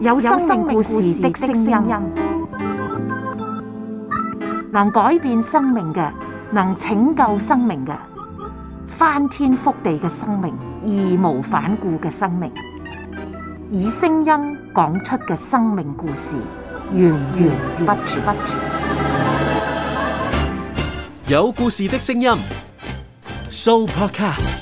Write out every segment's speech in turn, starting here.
有生命故事的聲音，能改變生命嘅，能拯救生命嘅，翻天覆地嘅生命，義無反顧嘅生命，以聲音講出嘅生命故事，源源不絕。有故事的聲音，Supercar。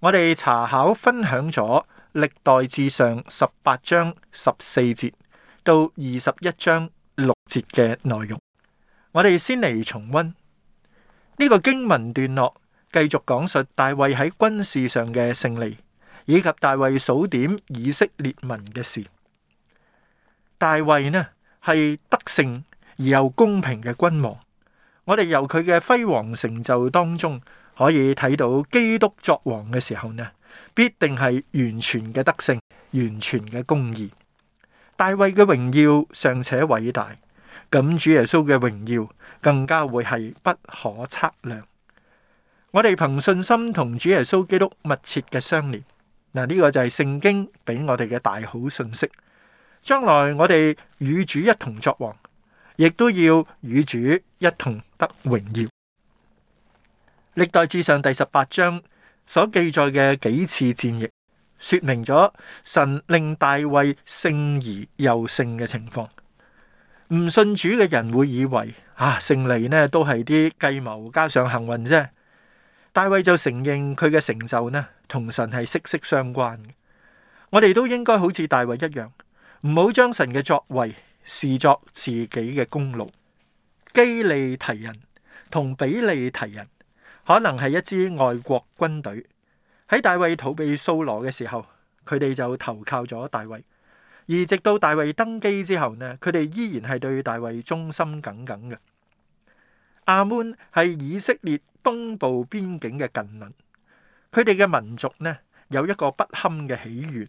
我哋查考分享咗歷代志上十八章十四節到二十一章六節嘅內容，我哋先嚟重温呢、這個經文段落，繼續講述大衛喺軍事上嘅勝利，以及大衛數點以色列民嘅事。大衛呢係得勝而又公平嘅君王，我哋由佢嘅輝煌成就當中。可以睇到基督作王嘅時候呢，必定係完全嘅德性，完全嘅公義。大衛嘅榮耀尚且且偉大，咁主耶穌嘅榮耀更加會係不可測量。我哋憑信心同主耶穌基督密切嘅相連。嗱，呢個就係聖經俾我哋嘅大好信息。將來我哋與主一同作王，亦都要與主一同得榮耀。歷代志上第十八章所記載嘅幾次戰役，說明咗神令大衛勝而又勝嘅情況。唔信主嘅人會以為啊，勝利呢都係啲計謀加上幸運啫。大衛就承認佢嘅成就呢同神係息息相關嘅。我哋都應該好似大衛一樣，唔好將神嘅作為視作自己嘅功勞。基利提人同比利提人。可能係一支外國軍隊喺大衛逃避掃羅嘅時候，佢哋就投靠咗大衛。而直到大衛登基之後呢，佢哋依然係對大衛忠心耿耿嘅。亞捫係以色列東部邊境嘅近鄰，佢哋嘅民族呢有一個不堪嘅起源。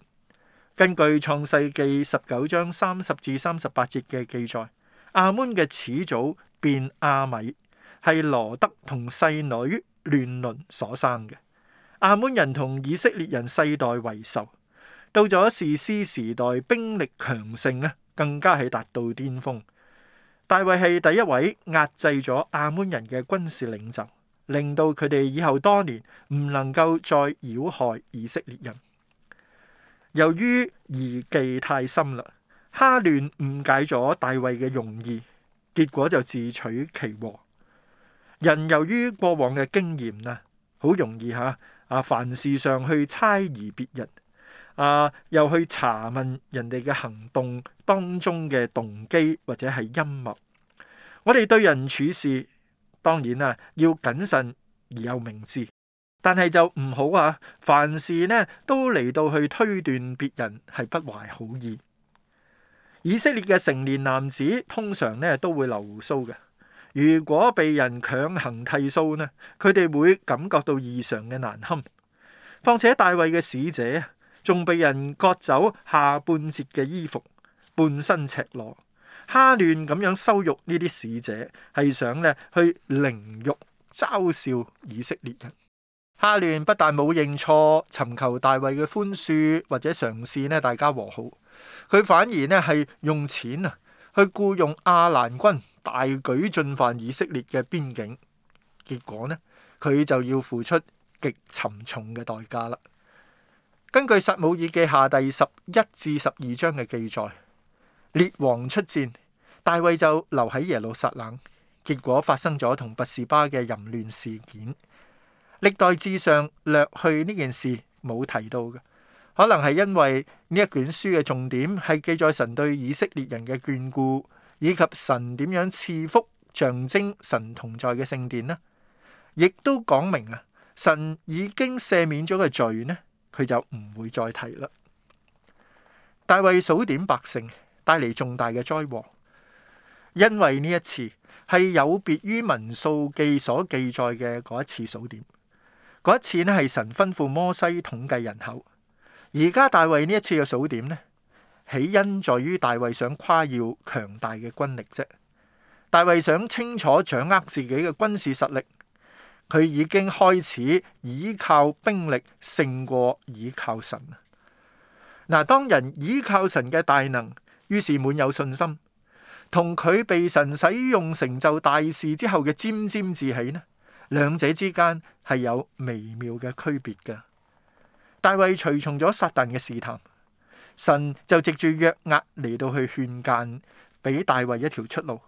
根據創世記十九章三十至三十八節嘅記載，亞捫嘅始祖便亞米係羅得同細女，亂倫所生嘅亞門人同以色列人世代為仇，到咗士師時代，兵力強盛咧，更加係達到巔峰。大衛係第一位壓制咗亞門人嘅軍事領袖，令到佢哋以後多年唔能夠再擾害以色列人。由於疑忌太深嘞，哈亂誤解咗大衛嘅用意，結果就自取其禍。人由於過往嘅經驗啊，好容易嚇啊，凡事上去猜疑別人，啊又去查問人哋嘅行動當中嘅動機或者係陰謀。我哋對人處事當然啦要謹慎而又明智，但係就唔好啊，凡事咧都嚟到去推斷別人係不懷好意。以色列嘅成年男子通常咧都會留鬍鬚嘅。如果被人強行剃鬚呢，佢哋會感覺到異常嘅難堪。況且大衛嘅使者仲被人割走下半截嘅衣服，半身赤裸。哈亂咁樣羞辱呢啲使者，係想呢去凌辱嘲笑以色列人。哈亂不但冇認錯，尋求大衛嘅寬恕或者嘗試呢大家和好，佢反而呢係用錢啊去僱用亞蘭軍。大舉進犯以色列嘅邊境，結果呢，佢就要付出極沉重嘅代價啦。根據撒母耳記下第十一至十二章嘅記載，列王出戰，大衛就留喺耶路撒冷，結果發生咗同拔士巴嘅淫亂事件。歷代志上略去呢件事冇提到嘅，可能係因為呢一卷書嘅重點係記載神對以色列人嘅眷顧。以及神點樣賜福象徵神同在嘅聖殿呢？亦都講明啊，神已經赦免咗嘅罪呢，佢就唔會再提啦。大衛數點百姓帶嚟重大嘅災禍，因為呢一次係有別於民數記所記載嘅嗰一次數點，嗰一次呢係神吩咐摩西統計人口，而家大衛呢一次嘅數點呢？起因在於大衛想誇耀強大嘅軍力啫，大衛想清楚掌握自己嘅軍事實力，佢已經開始倚靠兵力勝過倚靠神。嗱，當人倚靠神嘅大能，於是滿有信心，同佢被神使用成就大事之後嘅沾沾自喜呢，兩者之間係有微妙嘅區別嘅。大衛隨從咗撒旦嘅試探。神就藉住約押嚟到去勸諫，俾大衛一條出路。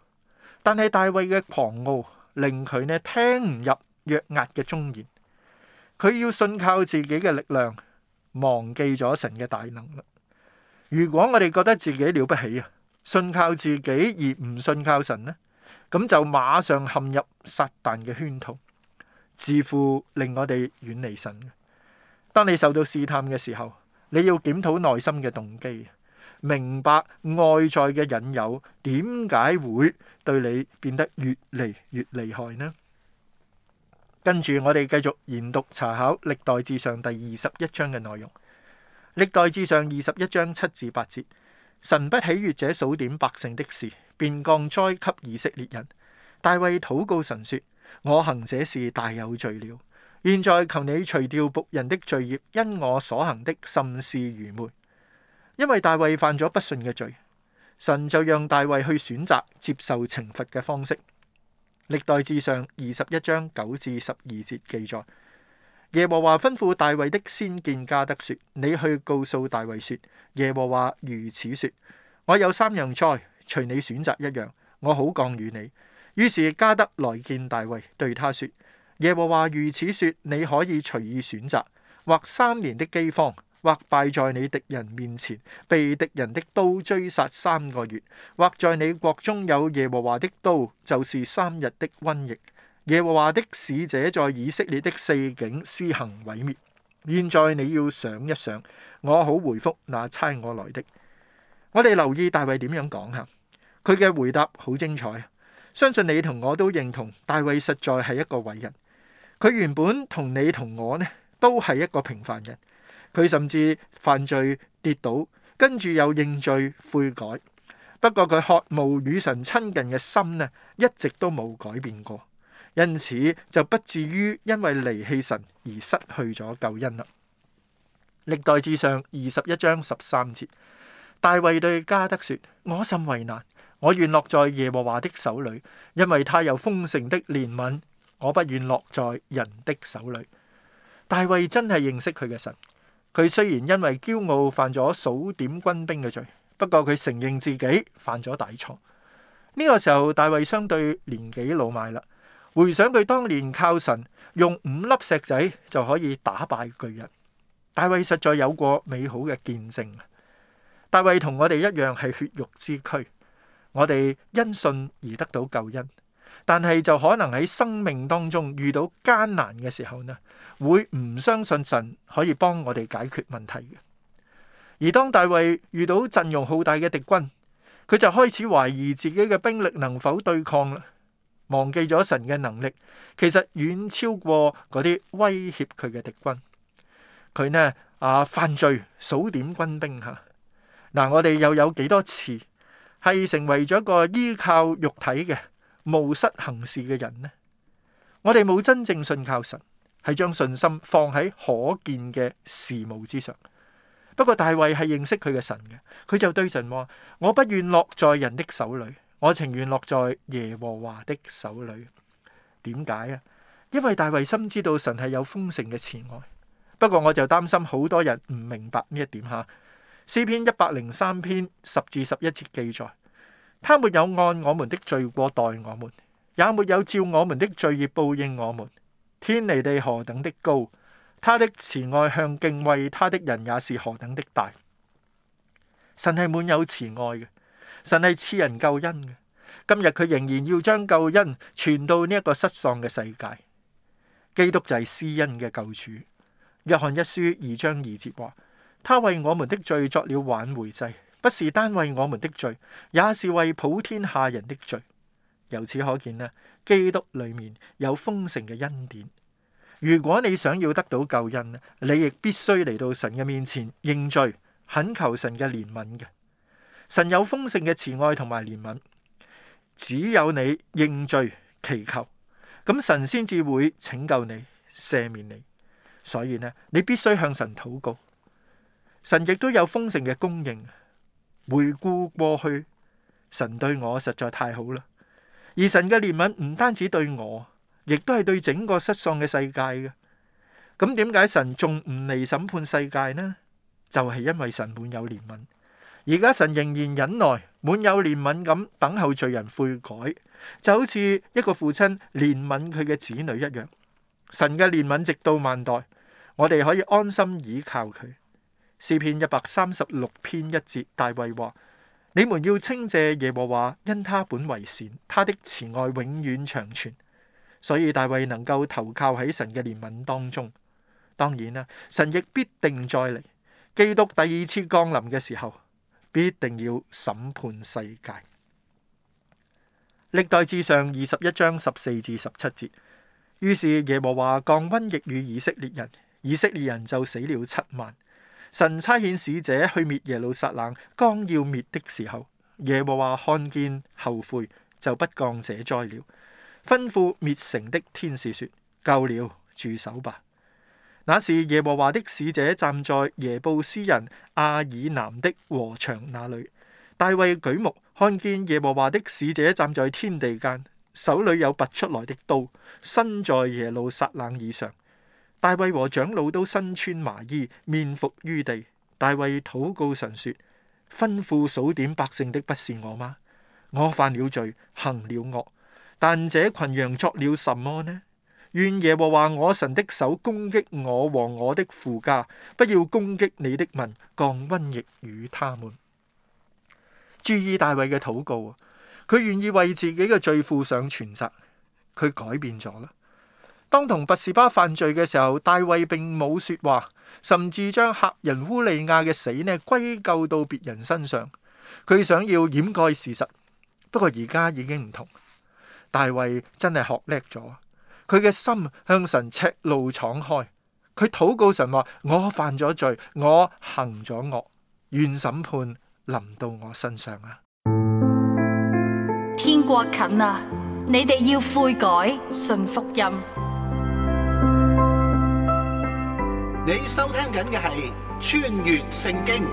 但係大衛嘅狂傲，令佢呢聽唔入約押嘅忠言。佢要信靠自己嘅力量，忘記咗神嘅大能力。如果我哋覺得自己了不起啊，信靠自己而唔信靠神呢，咁就馬上陷入撒但嘅圈套，自負令我哋遠離神。當你受到試探嘅時候，你要檢討內心嘅動機，明白外在嘅引誘點解會對你變得越嚟越厲害呢？跟住我哋繼續研讀查考歷《歷代志上》第二十一章嘅內容，《歷代志上》二十一章七至八節：神不喜悅者數點百姓的事，便降災給以色列人。大衛禱告神說：我行這事大有罪了。現在求你除掉僕人的罪孽，因我所行的甚是愚昧。因為大衛犯咗不順嘅罪，神就讓大衛去選擇接受懲罰嘅方式。歷代志上二十一章九至十二節記載，耶和華吩咐大衛的先見加德說：你去告訴大衛說，耶和華如此說：我有三樣災，隨你選擇一樣，我好降與你。於是加德來見大衛，對他說。耶和華如此說：你可以隨意選擇，或三年的饑荒，或敗在你敵人面前，被敵人的刀追殺三個月；或在你國中有耶和華的刀，就是三日的瘟疫。耶和華的使者在以色列的四境施行毀滅。現在你要想一想，我好回覆那差我來的。我哋留意大衛點樣講下，佢嘅回答好精彩，相信你同我都認同，大衛實在係一個偉人。佢原本同你同我呢，都係一個平凡人。佢甚至犯罪跌倒，跟住又認罪悔改。不過佢渴慕與神親近嘅心呢，一直都冇改變過。因此就不至於因為離棄神而失去咗救恩啦。歷代志上二十一章十三節，大衛對加德說：我甚為難，我願落在耶和華的手裏，因為他有豐盛的憐憫。我不願落在人的手裏。大衛真係認識佢嘅神。佢雖然因為驕傲犯咗數點軍兵嘅罪，不過佢承認自己犯咗大錯。呢、這個時候，大衛相對年紀老邁啦。回想佢當年靠神用五粒石仔就可以打敗巨人，大衛實在有過美好嘅見證。大衛同我哋一樣係血肉之軀，我哋因信而得到救恩。但係就可能喺生命當中遇到艱難嘅時候呢，會唔相信神可以幫我哋解決問題嘅？而當大衛遇到陣容浩大嘅敵軍，佢就開始懷疑自己嘅兵力能否對抗啦，忘記咗神嘅能力，其實遠超過嗰啲威脅佢嘅敵軍。佢呢，啊，犯罪，數點軍兵吓，嗱我哋又有幾多次係成為咗個依靠肉體嘅？.務實行事嘅人呢？我哋冇真正信靠神，係將信心放喺可見嘅事物之上。不過大衛係認識佢嘅神嘅，佢就對神話：我不願落在人的手裏，我情願落在耶和華的手裏。點解啊？因為大衛深知道神係有豐盛嘅慈愛。不過我就擔心好多人唔明白呢一點吓。詩篇一百零三篇十至十一節記載。他沒有按我們的罪過待我們，也沒有照我們的罪孽報應我們。天離地何等的高，他的慈愛向敬畏他的人也是何等的大。神係滿有慈愛嘅，神係賜人救恩嘅。今日佢仍然要將救恩傳到呢一個失喪嘅世界。基督就係施恩嘅救主。約翰一書二章二節話：他為我們的罪作了挽回祭。不是單為我們的罪，也是為普天下人的罪。由此可見呢，基督裏面有豐盛嘅恩典。如果你想要得到救恩，你亦必須嚟到神嘅面前認罪，懇求神嘅憐憫嘅。神有豐盛嘅慈愛同埋憐憫，只有你認罪祈求，咁神先至會拯救你、赦免你。所以呢，你必須向神禱告。神亦都有豐盛嘅供應。回顧過去，神對我實在太好啦。而神嘅憐憫唔單止對我，亦都係對整個失喪嘅世界嘅。咁點解神仲唔嚟審判世界呢？就係因為神滿有憐憫。而家神仍然忍耐，滿有憐憫咁等候罪人悔改，就好似一個父親憐憫佢嘅子女一樣。神嘅憐憫直到萬代，我哋可以安心倚靠佢。詩篇一百三十六篇一節，大衛話：你們要稱謝耶和華，因他本為善，他的慈愛永遠長存。所以大衛能夠投靠喺神嘅憐憫當中。當然啦，神亦必定再嚟，基督第二次降臨嘅時候必定要審判世界。歷代志上二十一章十四至十七節，於是耶和華降瘟疫與以色列人，以色列人就死了七萬。神差遣使者去滅耶路撒冷，剛要滅的時候，耶和華看見後悔，就不降這災了。吩咐滅城的天使說：夠了，住手吧。那時耶和華的使者站在耶布斯人阿珥楠的禾場那裏，大衛舉目看見耶和華的使者站在天地間，手裏有拔出來的刀，身在耶路撒冷以上。大衛和長老都身穿麻衣，面伏於地。大衛禱告神說：吩咐數點百姓的不是我嗎？我犯了罪，行了惡。但這群羊作了什麼呢？願耶和華我神的手攻擊我和我的父家，不要攻擊你的民，降瘟疫與他們。注意大衛嘅禱告，佢願意為自己嘅罪負上全責，佢改變咗啦。當同拔士巴犯罪嘅時候，大衛並冇說話，甚至將客人烏利亞嘅死呢歸咎到別人身上，佢想要掩蓋事實。不過而家已經唔同，大衛真係學叻咗，佢嘅心向神赤露敞開，佢禱告神話：我犯咗罪，我行咗惡，願審判臨到我身上啊！天國近啦，你哋要悔改，信福音。你收聽緊嘅係《穿越聖經》，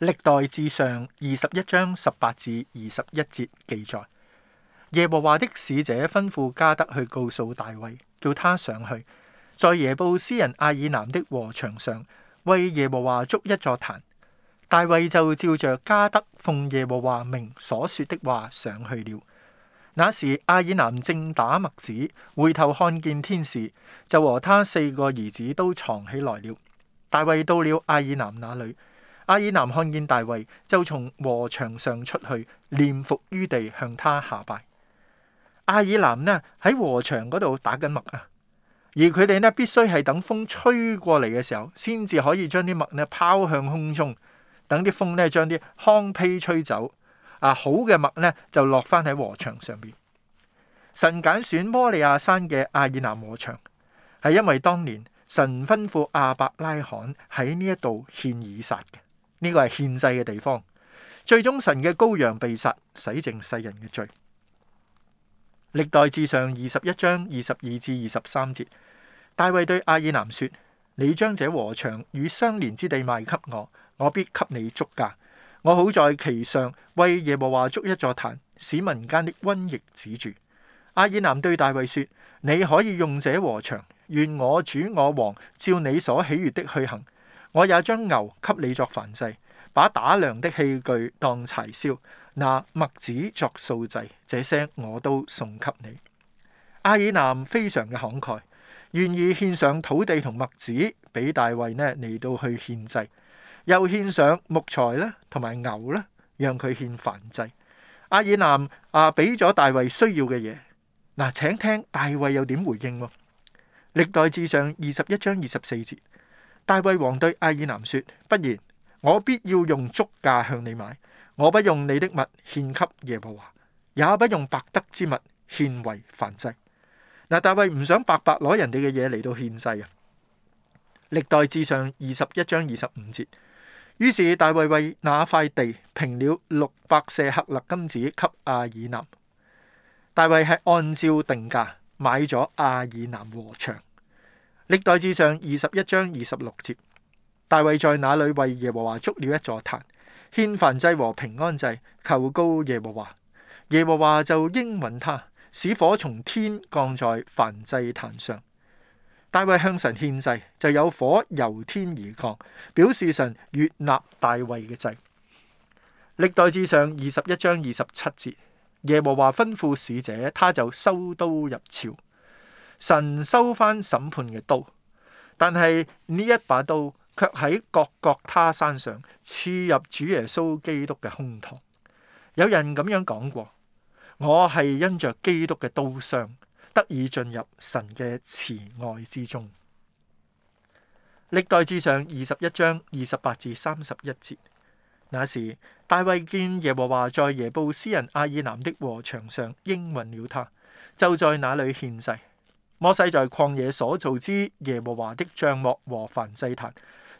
歷代志上二十一章十八至二十一節記載，耶和華的使者吩咐加德去告訴大衛，叫他上去，在耶布斯人亞爾南的禾場上為耶和華築一座壇。大衛就照着迦得奉耶和華名所說的話上去了。那時，阿爾南正打麥子，回頭看見天使，就和他四個兒子都藏起來了。大衛到了阿爾南那裏，阿爾南看見大衛，就從禾場上出去，臉伏於地，向他下拜。阿爾南呢喺禾場嗰度打緊麥啊，而佢哋呢必須係等風吹過嚟嘅時候，先至可以將啲麥呢拋向空中。等啲風咧，將啲糠秕吹走啊！好嘅麥咧，就落返喺禾場上邊。神揀選摩利亞山嘅阿爾南禾場，係因為當年神吩咐亞伯拉罕喺呢一度獻以撒嘅呢個係獻祭嘅地方。最終神嘅羔羊被殺，洗淨世人嘅罪。歷代志上二十一章二十二至二十三節，大衛對阿爾南說：你將這禾場與相連之地賣給我。我必給你足價，我好在其上為耶和華作一座壇，使民間的瘟疫止住。阿爾南對大衛說：你可以用這禾場，願我主我王照你所喜悦的去行。我也將牛給你作燔祭，把打糧的器具當柴燒，拿麥子作素祭，這些我都送給你。阿爾南非常嘅慷慨，願意獻上土地同麥子俾大衛呢嚟到去獻祭。又獻上木材啦，同埋牛啦，讓佢獻燔祭。阿爾南啊，俾咗大衛需要嘅嘢。嗱，請聽大衛又點回應喎？歷代志上二十一章二十四節，大衛王對阿爾南說：不然我必要用足價向你買，我不用你的物獻給耶和華，也不用白得之物獻為燔祭。嗱、啊，大衛唔想白白攞人哋嘅嘢嚟到獻祭啊。歷代志上二十一章二十五節。於是大衛為那塊地平了六百舍客勒金子給阿珥南。大衛係按照定價買咗阿珥南禾場。歷代志上二十一章二十六節，大衛在那裏為耶和華築了一座壇，獻燔祭和平安祭，求告耶和華，耶和華就應允他，使火從天降在燔祭壇上。大衛向神獻祭，就有火由天而降，表示神悅納大衛嘅祭。歷代志上二十一章二十七節，耶和華吩咐使者，他就收刀入鞘。神收翻審判嘅刀，但係呢一把刀卻喺各各他山上刺入主耶穌基督嘅胸膛。有人咁樣講過：我係因着基督嘅刀傷。得以進入神嘅慈愛之中。歷代志上二十一章二十八至三十一節，那時大衛見耶和華在耶布斯人阿爾南的禾場上應允了他，就在那裡獻祭。摩西在曠野所造之耶和華的帳幕和燔祭壇，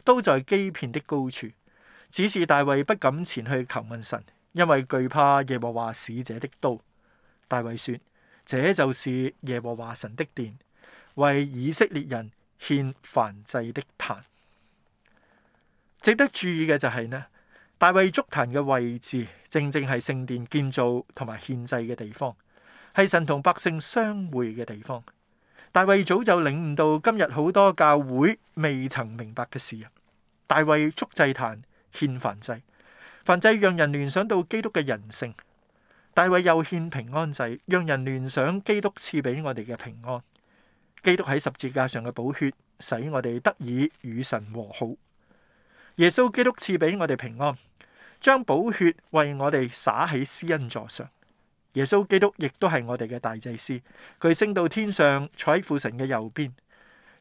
都在基片的高處。只是大衛不敢前去求問神，因為懼怕耶和華使者的刀。大衛說。這就是耶和華神的殿，為以色列人獻燔祭的壇。值得注意嘅就係、是、呢，大衛築壇嘅位置，正正係聖殿建造同埋獻祭嘅地方，係神同百姓相會嘅地方。大衛早就領悟到今日好多教會未曾明白嘅事啊！大衛築祭，祭壇獻燔祭，燔祭讓人聯想到基督嘅人性。大衛又獻平安祭，讓人聯想基督賜俾我哋嘅平安。基督喺十字架上嘅寶血，使我哋得以與神和好。耶穌基督賜俾我哋平安，將寶血為我哋灑喺施恩座上。耶穌基督亦都係我哋嘅大祭司，佢升到天上，坐喺父神嘅右邊。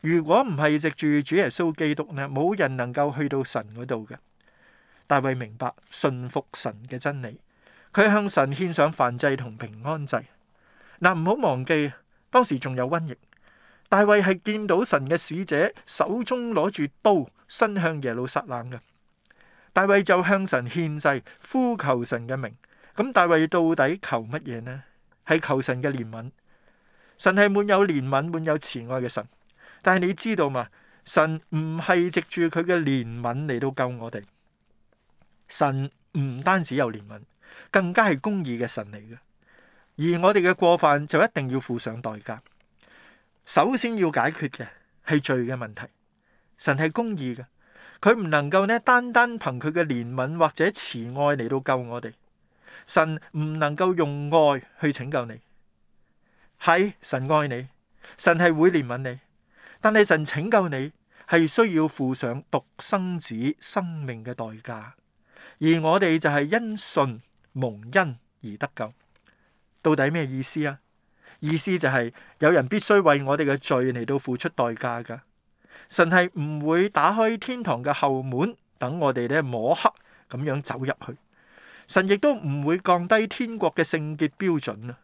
如果唔係藉住主耶穌基督呢，冇人能夠去到神嗰度嘅。大衛明白信服神嘅真理。佢向神獻上燔祭同平安祭嗱，唔好忘記當時仲有瘟疫。大衛係見到神嘅使者手中攞住刀，伸向耶路撒冷嘅。大衛就向神獻祭，呼求神嘅名。咁大衛到底求乜嘢呢？係求神嘅憐憫。神係滿有憐憫、滿有慈愛嘅神，但係你知道嘛？神唔係藉住佢嘅憐憫嚟到救我哋。神唔單止有憐憫。更加係公義嘅神嚟嘅，而我哋嘅過犯就一定要付上代價。首先要解決嘅係罪嘅問題。神係公義嘅，佢唔能夠呢，單單憑佢嘅憐憫或者慈愛嚟到救我哋。神唔能夠用愛去拯救你。係，神愛你，神係會憐憫你，但係神拯救你係需要付上獨生子生命嘅代價。而我哋就係因信，蒙恩而得救，到底咩意思啊？意思就係有人必須為我哋嘅罪嚟到付出代價㗎。神係唔會打開天堂嘅後門，等我哋咧摸黑咁樣走入去。神亦都唔會降低天國嘅聖潔標準啊！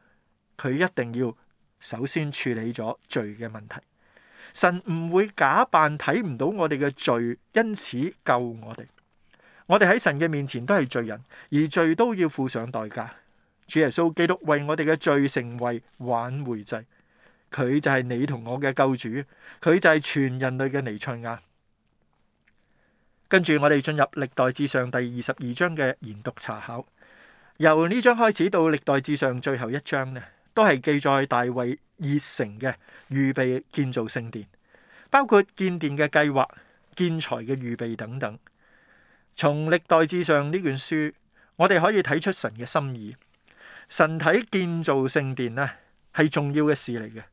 佢一定要首先處理咗罪嘅問題。神唔會假扮睇唔到我哋嘅罪，因此救我哋。我哋喺神嘅面前都係罪人，而罪都要付上代價。主耶穌基督為我哋嘅罪成為挽回祭，佢就係你同我嘅救主，佢就係全人類嘅彌賽亞。跟住我哋進入《歷代志上》第二十二章嘅研讀查考，由呢章開始到《歷代志上》最後一章呢都係記載大衛熱誠嘅預備建造聖殿，包括建殿嘅計劃、建材嘅預備等等。從歷代志上呢卷書，我哋可以睇出神嘅心意。神睇建造聖殿咧，係重要嘅事嚟嘅。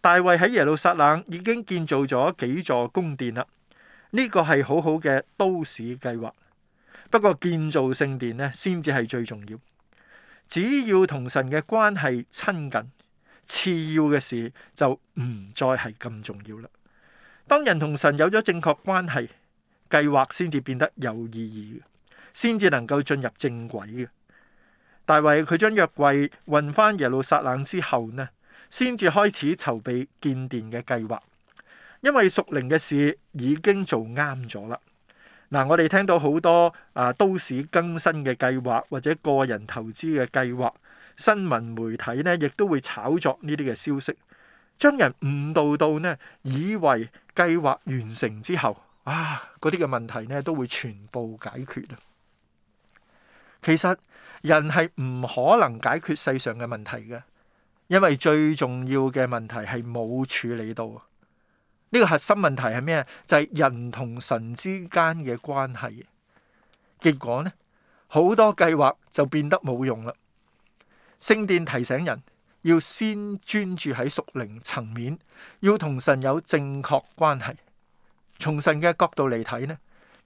大衛喺耶路撒冷已經建造咗幾座宮殿啦，呢、這個係好好嘅都市計劃。不過建造聖殿咧，先至係最重要。只要同神嘅關係親近，次要嘅事就唔再係咁重要啦。當人同神有咗正確關係，計劃先至變得有意義，先至能夠進入正軌嘅。大衛佢將約櫃運翻耶路撒冷之後呢，先至開始籌備建殿嘅計劃。因為屬靈嘅事已經做啱咗啦。嗱、嗯，我哋聽到好多啊都市更新嘅計劃或者個人投資嘅計劃，新聞媒體呢亦都會炒作呢啲嘅消息，將人誤導到呢以為計劃完成之後。啊！嗰啲嘅問題呢，都會全部解決啊。其實人係唔可能解決世上嘅問題嘅，因為最重要嘅問題係冇處理到。呢個核心問題係咩？就係人同神之間嘅關係。結果呢，好多計劃就變得冇用啦。聖殿提醒人要先專注喺屬靈層面，要同神有正確關係。從神嘅角度嚟睇呢，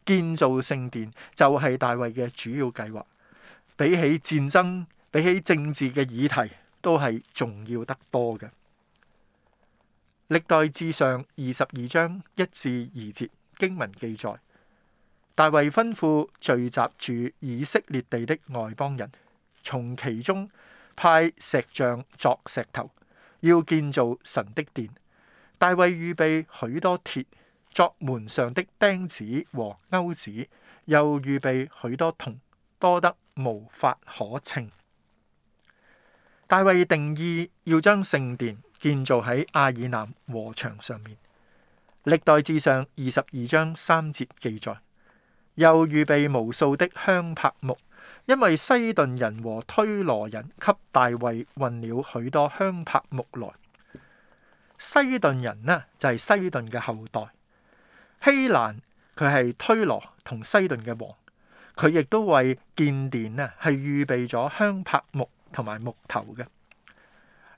建造聖殿就係大衛嘅主要計劃，比起戰爭、比起政治嘅議題都係重要得多嘅。歷代志上二十二章一至二節經文記載，大衛吩咐聚集住以色列地的外邦人，從其中派石匠鑿石頭，要建造神的殿。大衛預備許多鐵，作門上的釘子和鈎子，又預備許多銅，多得無法可稱。大衛定意要將聖殿建造喺亞爾南和牆上面。歷代志上二十二章三節記載，又預備無數的香柏木，因為西頓人和推羅人給大衛運了許多香柏木來。西頓人呢就係、是、西頓嘅後代。希蘭佢係推羅同西頓嘅王，佢亦都為建殿啊係預備咗香柏木同埋木頭嘅。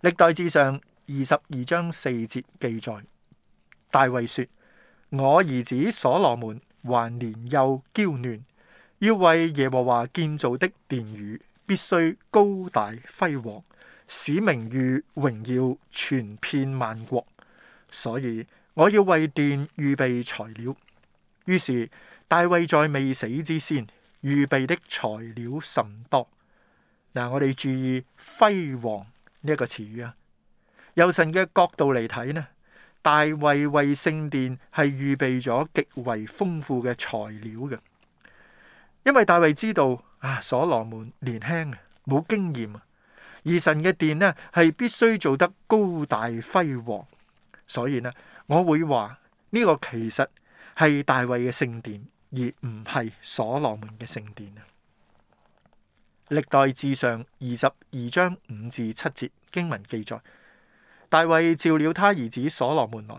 歷代志上二十二章四節記載，大衛說：我兒子所羅門還年幼嬌嫩，要為耶和華建造的殿宇，必須高大輝煌，使名譽榮耀傳遍萬國。所以我要為殿預備材料，於是大衛在未死之先預備的材料甚多。嗱，我哋注意輝煌呢一個詞語啊。由神嘅角度嚟睇呢，大衛為聖殿係預備咗極為豐富嘅材料嘅，因為大衛知道啊，所羅門年輕啊，冇經驗啊，而神嘅殿呢係必須做得高大輝煌，所以呢。我會話呢、這個其實係大衛嘅聖殿，而唔係所羅門嘅聖殿啊。歷代志上二十二章五至七節經文記載，大衛召了他兒子所羅門來，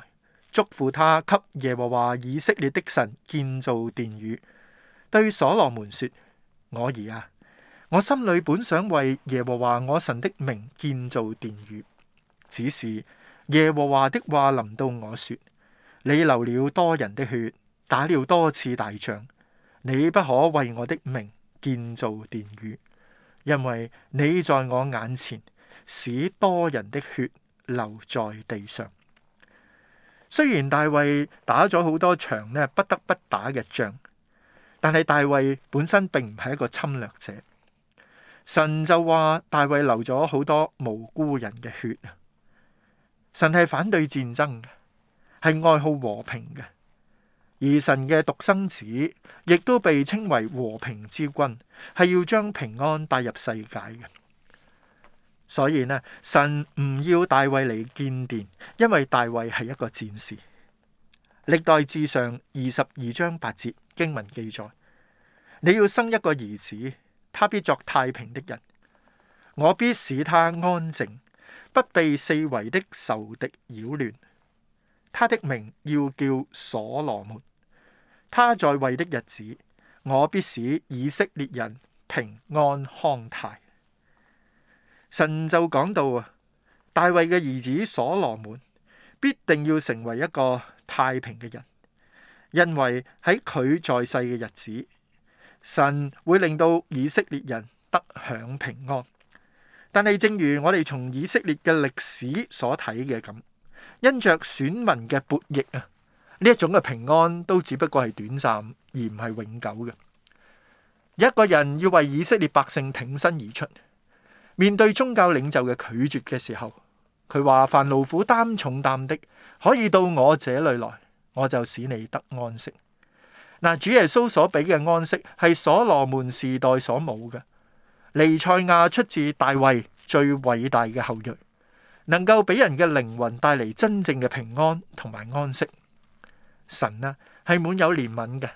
囑咐他給耶和華以色列的神建造殿宇。對所羅門說：我兒啊，我心裏本想為耶和華我神的名建造殿宇，只是。耶和華的話臨到我說：你流了多人的血，打了多次大仗，你不可為我的名建造殿宇，因為你在我眼前使多人的血流在地上。雖然大衛打咗好多場呢，不得不打嘅仗，但係大衛本身並唔係一個侵略者。神就話：大衛流咗好多無辜人嘅血。神係反對戰爭嘅，係愛好和平嘅。而神嘅獨生子亦都被稱為和平之君，係要將平安帶入世界嘅。所以呢，神唔要大衛嚟建殿，因為大衛係一個戰士。歷代志上二十二章八節經文記載：你要生一個兒子，他必作太平的人，我必使他安靜。不被四圍的仇敵擾亂，他的名要叫所羅門。他在位的日子，我必使以色列人平安康泰。神就講到，啊，大衛嘅兒子所羅門必定要成為一個太平嘅人，因為喺佢在世嘅日子，神會令到以色列人得享平安。但係，正如我哋從以色列嘅歷史所睇嘅咁，因着選民嘅悖逆啊，呢一種嘅平安都只不過係短暫，而唔係永久嘅。一個人要為以色列百姓挺身而出，面對宗教領袖嘅拒絕嘅時候，佢話：凡勞苦擔重擔的，可以到我這裏來，我就使你得安息。嗱，主耶穌所俾嘅安息係所羅門時代所冇嘅。尼賽亞出自大衛最偉大嘅後裔，能夠俾人嘅靈魂帶嚟真正嘅平安同埋安息。神啊，係滿有憐憫嘅，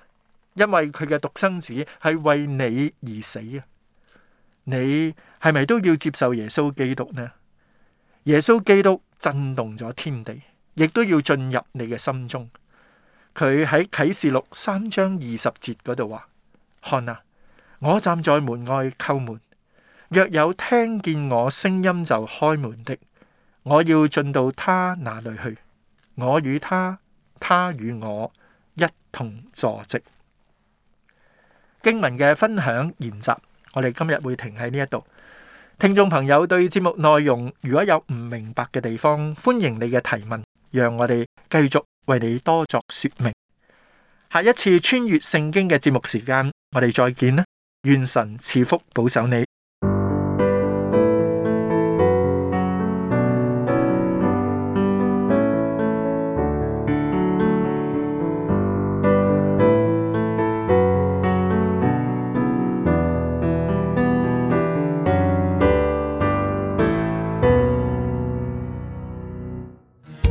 因為佢嘅獨生子係為你而死啊！你係咪都要接受耶穌基督呢？耶穌基督震動咗天地，亦都要進入你嘅心中。佢喺啟示錄三章二十節嗰度話：看啊，我站在門外叩門。若有聽見我聲音就開門的，我要進到他那裏去，我與他，他與我一同坐席。經文嘅分享研習，我哋今日會停喺呢一度。聽眾朋友對節目內容如果有唔明白嘅地方，歡迎你嘅提問，讓我哋繼續為你多作說明。下一次穿越聖經嘅節目時間，我哋再見啦！願神賜福保守你。